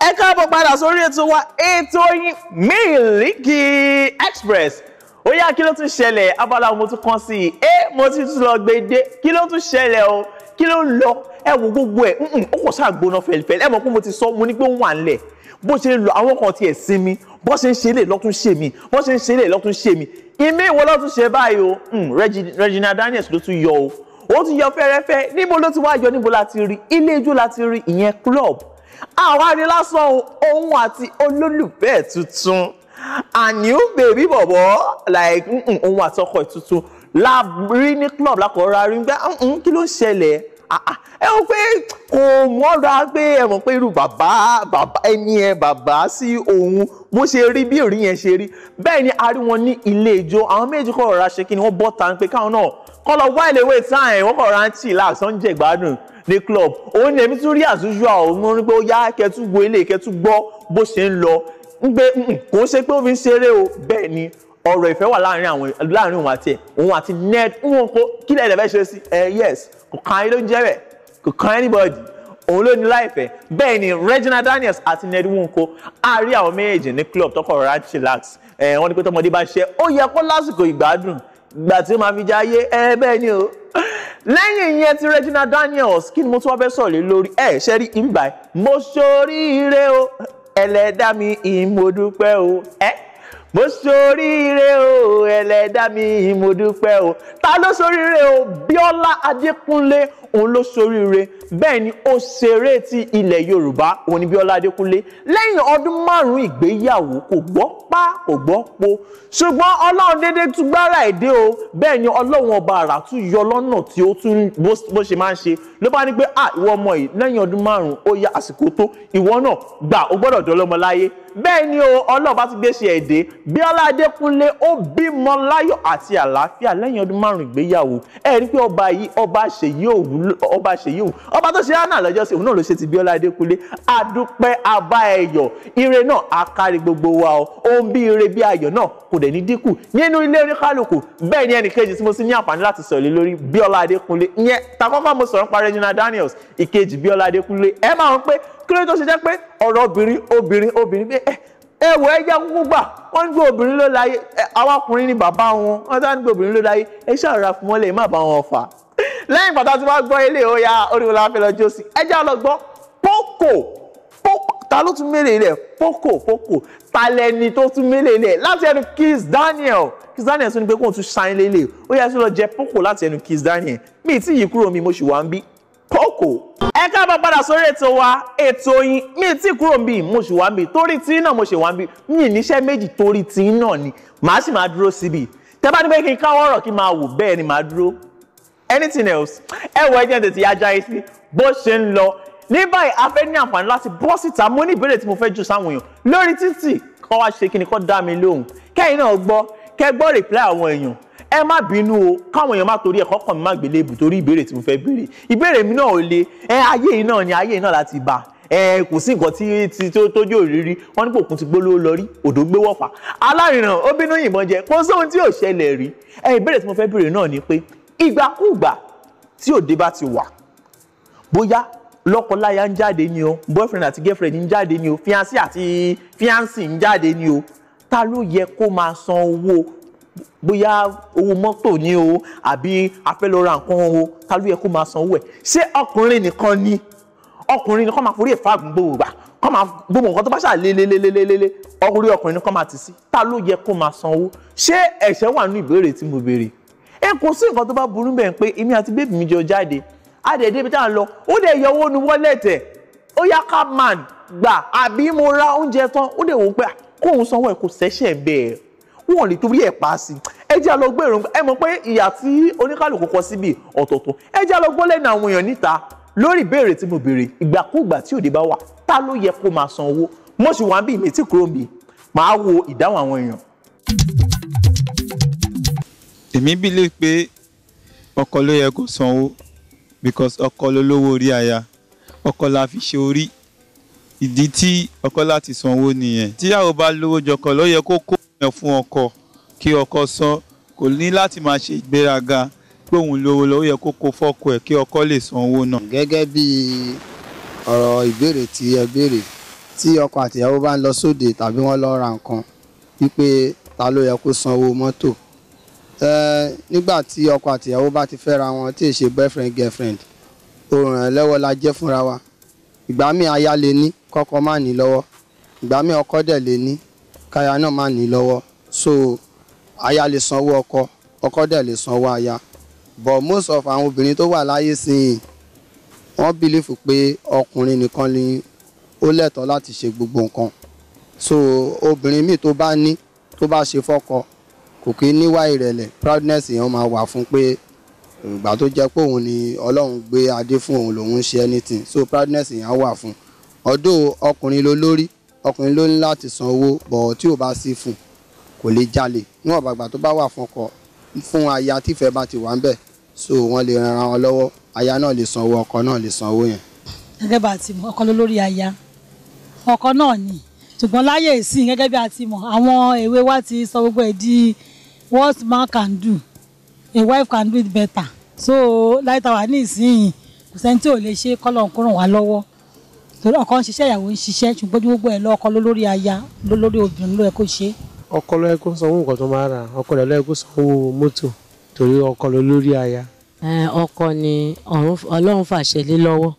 ẹ káàbọ̀ padà sórí ètò wa ètò yín Miliki Express ó yá kí ló tún ṣẹlẹ̀ abala mo tún kàn sí i ẹ mo ti tún lọ gbé kí ló tún ṣẹlẹ̀ o kí ló lọ ẹ wo gbogbo ẹ ó kò sáà gbóná fẹlifẹli ẹ mọ̀ pé mo ti sọ mo ní pé ó wà nílẹ̀ bó ṣe ń lọ àwọn kan tiẹ̀ sinmi bó ṣe ń ṣe lè lọ́tún ṣe mi bó ṣe ń ṣe lè lọ́tún ṣe mi ìmí ìwọ lọ́tún ṣe báyìí o mm, Regina Daniels ló tún yọ o ó tún yọ fẹ́rẹ́fẹ́ níbo ló ti wá yọ níbo la rí ilé ijó la ti rí ìyẹn club àwa ni lásán òun àti olólùfẹ́ tuntun àníú bèbí bọ̀bọ̀ like òun àtọkọ̀ tuntun la rí ní club lákọ̀ọ́ra rí gbá kí ló ń ṣẹlẹ̀ Ah, ah. ẹ wọ́n pé kò mọ́ra pé ẹ mọ̀ pé irú bàbá bàbá ẹni ẹ bàbá sí òun bó ṣe rí bí òrí yẹn ṣe rí bẹ́ẹ̀ ni a wọn ní ilé ijó àwọn méjì kọ̀ ọ̀rá ṣe kí ni wọ́n bọ́ ta ń pé káwọn náà kọ́ lọ while away time wọ́n kọ̀ rántí láàsán jẹ̀ gbádùn ní club òun ni èmi tún rí as usual òun rí pé ó yá kẹtù gbọ́ ilé kẹtù gbọ́ bó ṣe ń lọ ń gbé kò ń ṣe pé ó fi ń ṣeré o bẹ́ẹ̀ ni ọ̀rọ̀ ìfẹ́ wà láàrin àwọn láàrin òun àti ẹ̀ òun àti ned wọn kó kí lẹ́yìn lẹ́fẹ́ ṣe sí ẹ yes kò kàn yín ló ń jẹ́ bẹ̀ kò kàn anybody òun ló ní láìpẹ́ bẹ́ẹ̀ ni Regina Daniels àti ned Nwoko á rí àwọn méjèèjì ní club tọkọ rọra chillax ẹ wọn ní pé tọmọdé bá ṣe ó yẹ kó lásìkò ìgbádùn ìgbà tí ó máa fi jáyé ẹ bẹ́ẹ̀ ni o lẹ́yìn ìyẹn ti Regina Daniels kí ni mo tún wá fẹ́ sọ̀rọ̀ lé lórí ẹ ṣe rí ibi báyìí mo ṣoríire o ẹlẹ́dàá mi ìmọ̀dúpẹ́ o ẹ. Eh? mo ṣoríire o ẹlẹ́dá mi mo dúpẹ́ o ta ló ṣoríire o Bíọ́lá Adékúnlé òun ló ṣoríire bẹ́ẹ̀ ni òṣèré ti ilẹ̀ Yorùbá òun ni Bíọ́lá Adékúnlé lẹ́yìn ọdún márùn-ún ìgbéyàwó kò gbọ́ pa kò gbọ́ po ṣùgbọ́n Ọlọ́run dédé tún gbára èdè o bẹ́ẹ̀ ni Ọlọ́run ọba àrà tún yọ lọ́nà tí ó tún bó ṣe máa ń ṣe ló bá ní pé ah ìwọ ọmọ yìí lẹ́yìn ọdún márùn-ún ó yá àsìkò tó ìwọ náà gbà ó gbọ́dọ̀ bẹ́ẹ̀ ni o ọlọ́ọ̀bá ti gbé ṣe ẹ̀dẹ́ Bíọ́lá Adékúnlé ó bímọ láyọ̀ àti àlàáfíà lẹ́yìn ọdún márùn ìgbéyàwó ẹ rí pé ọba yìí ọba ṣèyí òwú ọba ṣèyí òwú ọba tó ṣe hánà lọ́jọ́ sí òun náà ló ṣe ti Bíọ́lá Adékúnlé àdúpẹ́ abá ẹ̀yọ̀ ire náà á kárí gbogbo wa o ohun bí ire bí ayọ̀ náà kò dẹ̀ ní dínkù nínú ilé oníkálukú bẹ́ẹ̀ ni ẹnìkejì tí mo sì ní àǹfààní láti sọ̀rọ̀ lórí Bíọ́lá Adékúnlé ìyẹn takọ́kọ́ mo sọ̀rọ̀ Daniels ìkejì Bíọ́lá Adékúnlé ẹ máa ń kí ló tó ṣe jẹ́ pé ọ̀rọ̀ obìnrin obìnrin obìnrin pé eh, ẹ wọ ẹ jẹ́ kúkú gbà wọ́n ń gbé obìnrin ló láyé àwọn ọkùnrin ni bàbá wọn wọ́n tá ń gbé obìnrin ló láyé ẹ ṣàrọ̀ra fún wọn lè má bá wọn fà. lẹ́yìn pàtàkì tí wọ́n gbọ́ ilé oya oríwọlá fẹ́ lọ jọ́sìn ẹ jẹ́ lọ gbọ́ pọ́kò ta ló tún mélèé rẹ̀ pọ́kò pọ́kò ta lẹni tó tún mélèé rẹ̀ láti ẹnu Kiss Daniel Kiss Daniel tún ní pé kóun tún ṣáyín lélẹ̀ ó yẹ kí wọ́n lọ jẹ pọ́kò láti ẹnu Kiss Daniel mi ì tí yìí kúrò mi mo sì wá ń bí pọ́kò káàbà padà sórí ètò wa ètò yín mi tí kúrò ń bì mo ṣì wá ń bì torí tí náà mo ṣì wá ń bì mi níṣẹ́ méjì torí tí náà ni màá sì máa dúró síbi tẹ́ bá ní pé kí n káwọ́ ọ̀rọ̀ kí n máa wò bẹ́ẹ̀ ni màá dúró anything else ẹ wọ ẹjẹ tètè ajá yín sí bó ṣe ń lọ ní báyìí a fẹ́ ní àǹfààní láti bọ́ síta mo ní ìbéèrè tí mo fẹ́ jù sáwọn èèyàn lórí títì kọ́ wá ṣe kí ni kọ́ dá mi lóhùn kẹ́yìn náà gbọ́ kẹ́ gbọ́ rìpláì àwọn èèyàn ẹ má bínú o káwọn èèyàn má torí ẹ̀kọ́ kàn mí má gbélé ibù torí ìbéèrè tí mo fẹ́ béèrè ìbéèrè mi náà ò le ẹ ayé yìí náà ni ayé yìí náà láti bá ẹ kò sí nǹkan tí tí tó tójú òrírí wọn ní pòkun ti gbóló lọ rí odò gbé wọ̀fà alárinà ó bínú yìnbọn jẹ kó sóhun tí ò ṣẹlẹ̀ rí ẹ ìbéèrè tí mo fẹ́ béèrè náà ni pé ìgbàkúùgbà tí òde bá ti wà bóyá lọ́kọláya ń jáde ni o boyfriend àti girlfriend ń jáde ni o fiancé àti fiancé ń jáde ni o ta ló yẹ kó máa san owó bóyá owó mọ́tò ni o àbí a fẹ́ lọ ra nǹkan o ta ló yẹ kó máa sanwó ẹ̀ ṣé ọkùnrin nìkan ni ọkùnrin nìkan máa forí ẹ̀fọ́ àgùnbò wà kọ́ máa gbogbo nǹkan tó bá ṣà lélelelelele ọkùnrin ọkùnrin nìkan máa tì sí ta ló yẹ kó máa sanwó ṣé ẹ̀ṣẹ̀ wà nínú ìbéèrè tí mo béèrè ẹ kò sí nǹkan tó bá burú bẹ́ẹ̀ pé èmi àti bébì mi jọ jáde adẹ̀ débi tá à ń lọ ó dẹ̀ yọ owó nu wọ́lẹ̀tẹ̀ ó yá ká man gbà àbí mo ra oúnjẹ tán ó dẹ̀ wò pé kóun sanwó ẹ̀ kò sẹ́ṣẹ̀ bẹ́ẹ̀ wọn ò lè torí ẹ̀ pa sí ẹ jẹ́ àlọ́gbọ́ èròǹgbà ẹ mọ̀ pé ìyà tí oníkàlùkù kọ síbi ọ̀tọ̀ọ̀tọ̀ ẹ jẹ́ àlọ́gbọ́ lẹ́nu àwọn èèyàn níta lórí ìbéèrè tí mo béèrè ìgbàkúùgbà tí òde bá wà ta ló yẹ kó máa san owó mo sì wà ń bí mi tí kúrò mi màá wo ìdáhùn àwọn èèyàn. èmi bílè pé ọkọ ló yẹ kó sanwó because ọkọ lolówó orí aya ọkọ la fi ṣe orí ìdí tí ọkọ láti sanwó nìyẹn tíyàwó bá lówó jọkọ ló yẹ kó kó yẹn fún ọkọ kí ọkọ san kò ní láti máa ṣe ìgbéraga pé òun lówó lọ ó yẹ kó kó fọ́kọ ẹ̀ kí ọkọ lè san owó náà. gẹ́gẹ́ bí ọ̀rọ̀ ìbéèrè tí ẹ béèrè tí ọkọ àtìyàwó bá ń lọ sóde tàbí wọ́n lọ ra nǹkan wípé ta ló yẹ kó san owó mọ́tò nígbà tí ọkọ àtìyàwó bá ti fẹ́ra wọn tí ì ṣe boyfriend girlfriend òrùn ẹ̀ lẹ́wọ́ la jẹ́ fúnra wa ìgbà míì aya lè ní kọ́kọ́ má ní lọ́wọ́ ìgbà míì ọkọ dẹ̀ lè ní káya náà má ní lọ́wọ́ so aya lè sanwó ọkọ ọkọ dẹ̀ lè sanwó aya but most of àwọn obìnrin tó wà láyé sìn wọ́n bìlífù pé ọkùnrin nìkan ni ó lẹ́tọ̀ọ́ láti ṣe gbogbo nǹkan so obìnrin míì tó bá ní tó bá ṣe fọ́kọ kò kí níwá ìrẹ̀lẹ̀ proudness yẹn máa wà fún pé ìgbà tó jẹ́ pé òun ni ọlọ́run gbé adé fún òun lòun ń ṣe anything so proudness yẹn á wà fún ọdún ọkùnrin lolórí ọkùnrin ló ní láti san owó bọ̀ọ̀ tí ò bá sí fún kò lè jalè níwọ̀n bàgbà tó bá wà fún ọkọ fún aya tífẹ́ bá ti wà ń bẹ̀ so wọ́n lè ran wọn lọ́wọ́ aya náà lè san owó ọkọ náà lè san owó yẹn. gẹ́gẹ́ bá a ti mọ ọkọ ló lórí aya ọkọ náà ni ṣùgbọ́n láyé ìsìn gẹ́gẹ́ bí a ti mọ̀ àwọn èwe wa ti sọ gbogbo ẹ̀ di what man can do a wife can do it better so láyé tàwa ní ìsìn kò sẹ́ni tí ò lè ṣe kọ́lọ̀ ń kúrò wá lọ́wọ́ torí ọkọ ń ṣiṣẹ́ ìyàwó ń ṣiṣẹ́ ṣùgbọ́n gbogbo ẹ̀ lọ ọkọ lórí aya lórí obìnrin ló yẹ kó ṣe. ọkọ ló yẹ kó sanwó nǹkan tó máa rà ọkọ ló yẹ kó sanwó mọ́tò torí ọkọ ló lórí aya. ọkọ ni ọlọ́run fàṣẹ lé lọ́wọ́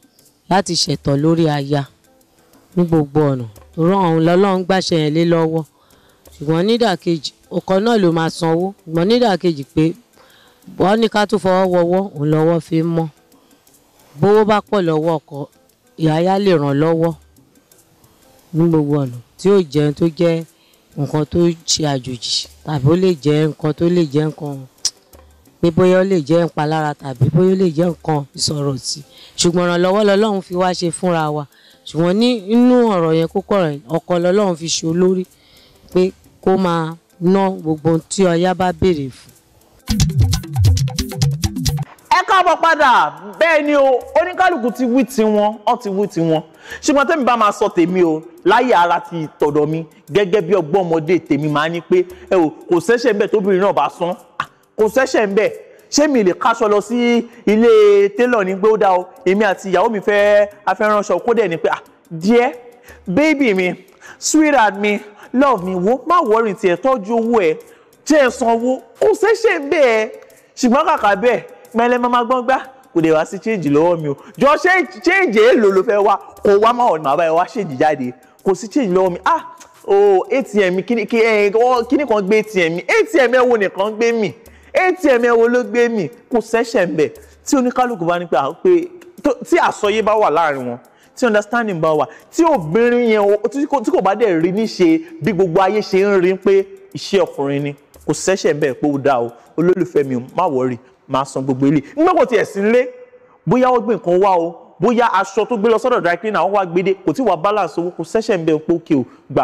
láti ṣẹ̀tọ́ lórí aya ní gbogbo ọ̀nà ràn òun lọ́lọ́run gbàṣẹ yẹn lé lọ́wọ́ ṣùgbọ́n nídàkejì ọkọ náà ló máa sanwó ṣùgbọ́n nídàkejì pé wọ́n ní ká tún fọwọ́ wọwọ́ òun lọ́wọ́ fi ń mọ́ bówó bá pọ̀ lọ́wọ́ ọkọ ìhayá lè ràn lọ́wọ́ ní gbogbo ọ̀nà tí ó jẹ́ tó jẹ́ nǹkan tó ṣe àjòjì tàbí ó lè jẹ́ nǹkan tó lè jẹ́ nǹkan pé bóyá ó lè jẹ́ ìpalára tàbí bóyá ó lè jẹ́ nǹkan ìsọ̀rọ̀ sí ṣùgbọ́n ìrànlọ́wọ́ lọ́lọ́run fi wá ṣe fúnra wa ṣùgbọ́n ní inú ọ̀rọ̀ yẹn kókó ọ̀rọ̀ yẹn ọkọ lọ́lọ́run fi ṣe olórí pé kó máa ná gbogbo ohun tí ọya bá béèrè fún káàbọ̀ padà bẹ́ẹ̀ ni o oníkálukú ti wí tiwọn ọ ti wí tiwọn ṣùgbọ́n tẹ́mi bá máa sọ tèmi o láyé ara ti tọ̀dọ̀ mi gẹ́gẹ́ bí ọgbọ́n ọmọdé tèmi máa ní pé ẹ o kò sẹ́sẹ̀ ńbẹ̀ tóbìnrin náà bá sán kò sẹ́sẹ̀ ńbẹ̀ ṣé mi lè káṣọ lọ sí ilé télọ̀ ní gbé ó dá o èmi àti ìyàwó mi fẹ́ afẹ́ránṣọ kó dẹ̀ ni pé ah díẹ̀ baby mi sweetheart mi love mi wo má wọrin tiẹ̀ tọ́jú owó ẹ̀ jẹ́ sanwó kò sẹ́sẹ̀ ńbẹ̀ ṣùgbọ́n kàkà bẹ́ẹ̀ pẹ́lẹ́ mama gbọ́n gbá kò dé wá sí change lọ́wọ́ mi o jọ change èèlò ló fẹ́ wá kó wá máa ọ̀nà àbáyọ wá change jáde kò sí change lọ́wọ́ mi ah oh atm mi kíní kan gbé atm atm ẹ wo nìkan gbé mi atm ẹ wo ló gbé mi kò ṣẹ̀ṣẹ̀ ń bẹ̀ tí oníkálukú bá ní pé ah, tí àsọyé bá wà láàrin wọn tí understanding bá wà tí obìnrin yẹn tí kò bá dẹ̀ rí níṣe bí gbogbo ayé ṣe ń rí pé iṣẹ́ ọkùnrin ni kò ṣẹ̀ṣẹ̀ ń pé ó dá o olólùfẹ́ mi má wọ̀rí máa san gbogbo ilé nígbà kò tiẹ̀ sí lé bóyá ó gbé nǹkan wá o bóyá aṣọ tó gbé lọ sọ́dọ̀ dry cleaner wọ́n wá gbédé kò tí wà balance owó kò ṣẹ̀ṣẹ̀ ń bẹ pé ó kè ó gbà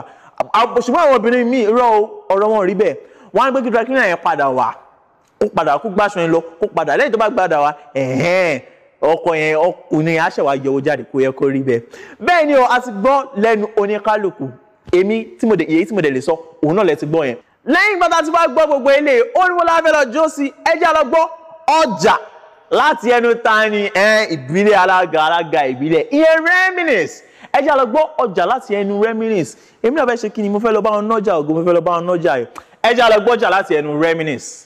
ṣùgbọ́n àwọn obìnrin míì rọ ọ̀rọ̀ wọn rí bẹ́ẹ̀ wọ́n á gbé kí dry cleaner yẹn padà wá kó padà kó gbàṣọ yẹn lọ kó padà lẹ́yìn tó bá gbàdà wá ẹ̀hẹ́n ọkọ yẹn ọkùnrin aṣẹwà yọwọ jáde kó yẹ kó rí bẹ́ẹ̀ bẹ́ẹ̀ ni o a ti gbọ́ lẹ́nu oníkálukú èmi tí mo dé èyí tí mo dé lè sọ òun náà lẹ ti gbọ́ yẹn lẹ́yìn bàtà tí wàá gbọ́ gbogbo eléyìí ó ní wọn láfẹ́ lọ jó sí ẹjẹ́ lọ ọjà láti ẹnu ta ni ìbílẹ̀ alága alága ìbílẹ̀ ìyẹn reminis ẹ jẹ́ àlọ́ gbọ́ ọjà láti ẹnu reminis èmi náà fẹ́ ṣe kí ni mo fẹ́ lọ bá wọn nọ́jà ògo mo fẹ́ lọ bá wọn nọ́jà yìí ẹ jẹ́ àlọ́ gbọ́jà láti ẹnu reminis.